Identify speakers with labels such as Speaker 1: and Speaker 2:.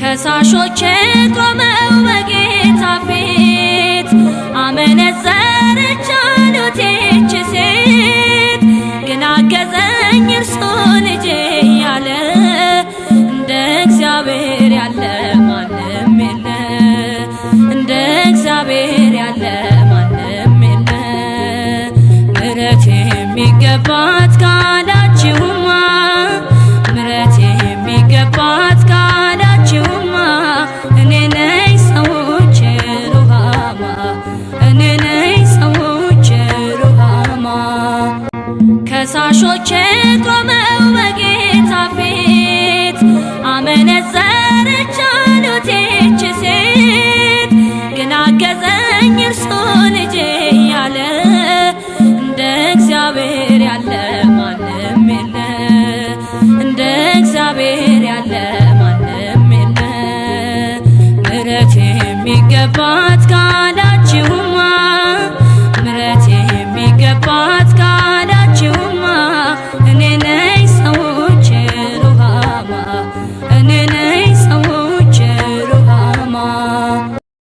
Speaker 1: ከሳሾች ቆመው በጌታ ፊት አመነዘረች አሉት ይህች ሴት ግን አገዘኝ እርሱ ልጄ ያለ እንደ እግዚአብሔር ያለ ማንም የለ እንደ እግዚአብሔር ያለ ማንም የለ ምሕረት የሚገባት ካላችሁ ከሳሾች ቆመው በጌታ ፊት አመነዘረች አሉት ይህች ሴት ግን አገዘኝ እርሱ ልጄ ያለ እንደ እግዚአብሔር ያለ ማንም የለ እንደ እግዚአብሔር ያለ ማንም የለ ምሕረት የሚገባት